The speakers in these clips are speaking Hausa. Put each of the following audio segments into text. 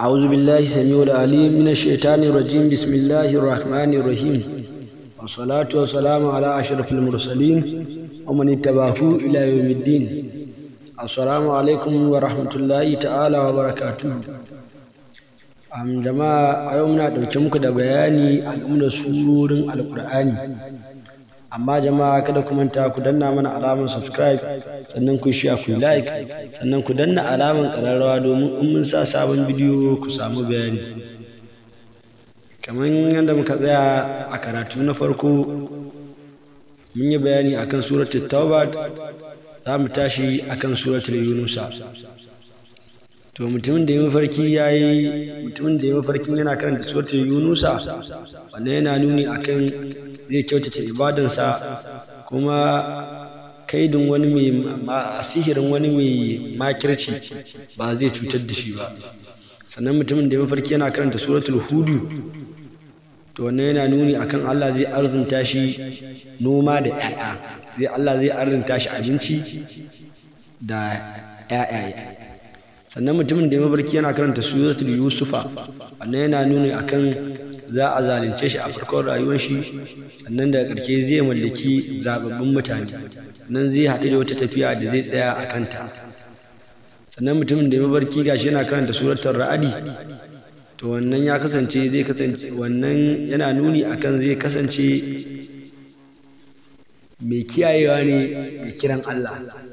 أعوذ بالله السميع العليم من الشيطان الرجيم بسم الله الرحمن الرحيم والصلاة والسلام على أشرف المرسلين ومن اتبعه إلى يوم الدين السلام عليكم ورحمة الله تعالى وبركاته am jama'a a yau muna ɗauke muku da bayani a game da surorin alƙur'ani amma jama'a kada ku manta ku danna mana alamar subscribe sannan ku share ku like sannan ku danna alamar kararrawa domin in mun sa sabon bidiyo ku samu bayani kamar yadda muka tsaya a karatu na farko mun yi bayani akan suratul taubat za mu tashi akan suratul yunusa to mutumin da ya mafarki ya yi mutumin da ya mafarkin yana karanta suratul yunusa wannan yana nuni akan zai kyautata ibadansa kuma kaidin wani mai sihirin wani mai makirci ba zai cutar da shi ba sannan mutumin da mafarki yana karanta suratul hudu to wannan yana nuni akan Allah zai arzinta shi noma da ƴaƴa zai Allah zai arzinta shi abinci da 'ya'ya? sannan mutumin da mafarki yana karanta suratul yusufa wannan yana nuni akan za a zalunce shi a farkon rayuwar shi sannan daga ƙarshe zai mallaki zababbin mutane nan zai haɗu da wata tafiya da zai tsaya a kanta sannan mutumin da ya mabarki gashi yana karanta suratar ra'adi to wannan ya kasance zai kasance wannan yana nuni akan zai kasance mai kiyayewa ne da kiran Allah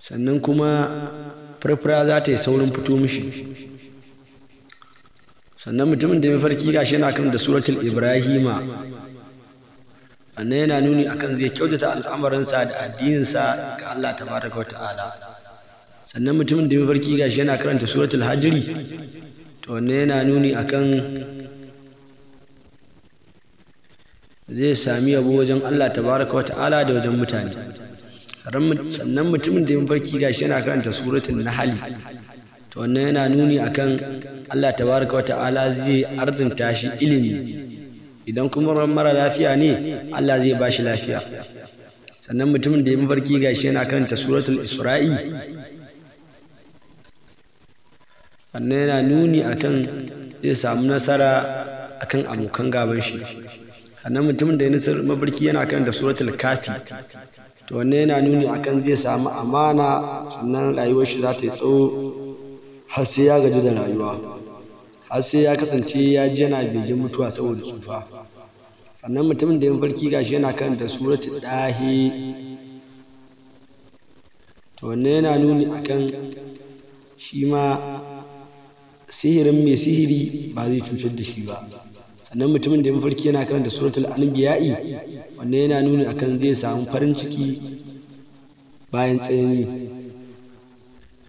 sannan kuma farfara za ta yi saurin fito mishi sannan mutumin da mafarki gashi yana kan da suratul ibrahima annan yana nuni akan zai kyautata al'amarinsa da addininsa ga Allah tabaraka wa ta'ala sannan mutumin da mafarki gashi yana karanta suratul hajiri to wannan yana nuni akan zai sami yabo wajen Allah tabaraka wa ta'ala da wajen mutane sannan mutumin da ya ga gashi yana karanta suratul nahl to wannan yana nuni akan Allah tabaraka wa ta'ala zai arzinta shi ilimi idan kuma mara lafiya ne Allah zai ba shi lafiya sannan mutumin da ya ga gashi yana karanta suratul isra'i wannan yana nuni akan zai samu nasara akan abokan gaban shi sannan mutumin da ya mafarki yana karanta suratul kafi to wanne yana nuni akan zai samu amana sannan rayuwar shi za ta yi tsawo har sai ya gaji da rayuwa har sai ya kasance ya ji yana begen mutuwa saboda tsufa sannan mutumin da ya farki gashi yana kan da surati dahi to wanne yana nuni akan shi ma sihirin mai sihiri ba zai cutar da shi ba sannan mutumin da ya mafarki yana karanta suratul anbiya'i wannan yana nuni akan zai samu farin ciki bayan tsanani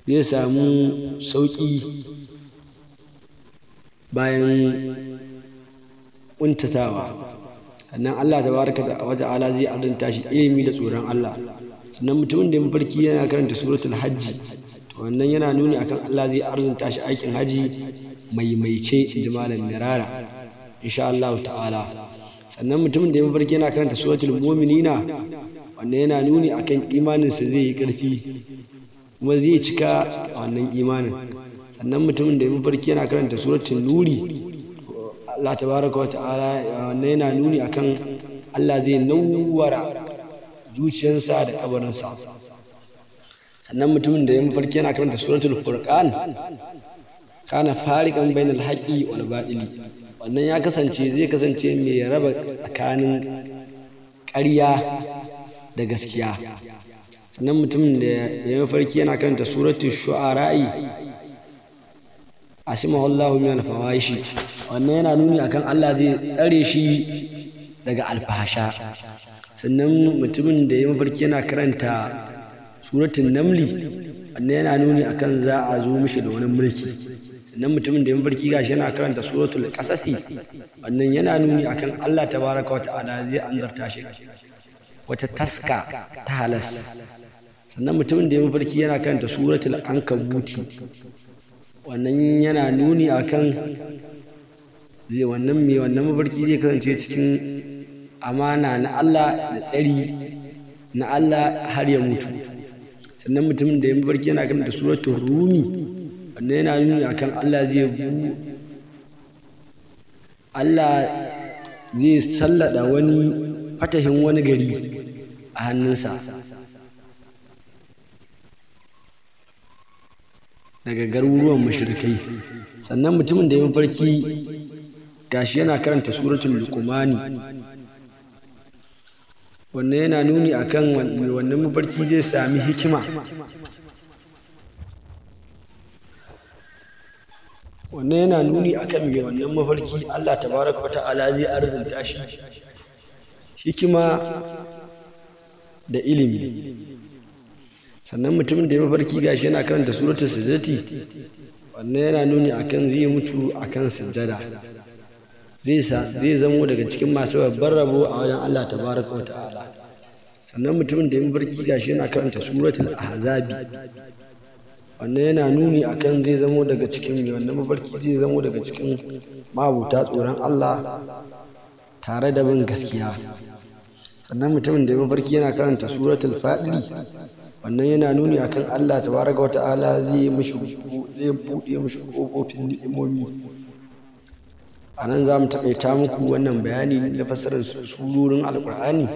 zai samu sauƙi bayan ƙuntatawa sannan Allah ta baraka wata ala zai adanta shi ilimi da tsoron Allah sannan mutumin da ya mafarki yana karanta suratul hajji wannan yana nuni akan Allah zai arzanta shi aikin haji maimaice da malam mirara insha Allah ta'ala sannan mutumin da ya mafarki yana karanta suratul mu'minina wannan yana nuni akan imanin sa zai yi karfi kuma zai cika wannan imanin sannan mutumin da ya mafarki yana karanta suratul nuri Allah tabaraka wa ta'ala wannan yana nuni akan Allah zai nawwara zuciyarsa da kabarinsa sannan mutumin da ya mafarki yana karanta suratul furqan kana fariqan bainal haqqi wal batili wannan ya kasance zai kasance mai raba tsakanin ƙarya da gaskiya sannan mutumin da ya yi farki yana karanta suratul shu'ara'i asimahullahu min alfawashi wannan yana nuni akan Allah zai tsare shi daga alfahasha sannan mutumin da ya mafarki yana karanta suratun namli wannan yana nuni akan za a zo mishi da wani mulki Sannan mutumin da ya mafarki gashi yana karanta suratul kasasi wannan yana nuni akan Allah tabaraka wa ta'ala zai anzarta shi wata taska ta halas sannan mutumin da ya mafarki yana karanta suratul ankabuti wannan yana nuni akan zai wannan mai wannan mafarki zai kasance cikin amana na Allah da tsari na Allah har ya mutu sannan mutumin da ya mafarki yana karanta suratul rumi wannan yana nuni akan Allah zai bu Allah zai sallada wani fatahin wani gari a hannunsa daga garuruwan mashirkai sannan mutumin da ya mafarki gashi yana karanta suratul lukumani wannan yana nuni akan wannan mafarki zai sami hikima wannan yana nuni akan mai wannan mafarki Allah tabaraka wa ta'ala zai arzinta shi hikima da ilimi sannan mutumin da ya mafarki gashi yana karanta suratul sujati wannan yana nuni akan zai mutu akan sujada zai zai zamo daga cikin masu babbar rabo a wajen Allah tabaraka wa ta'ala sannan mutumin da ya mafarki gashi yana karanta suratul ahzabi wannan yana nuni akan zai zamo daga cikin mai wannan mafarki zai zamo daga cikin mabuta tsoron Allah tare da bin gaskiya sannan mutumin da mafarki yana karanta suratul faɗi wannan yana nuni akan Allah tabaraka wa ta'ala zai mishi zai buɗe mishi kofofin ni'imomi a nan za mu taƙaita muku wannan bayani na fassarar surorin alƙur'ani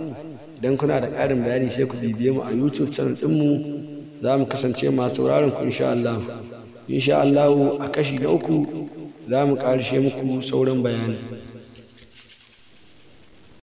idan kuna da ƙarin bayani sai ku bibiye mu a youtube channel ɗinmu za mu kasance masu wuraren ku insha Allah insha Allah a kashi na uku za mu karshe muku sauran bayani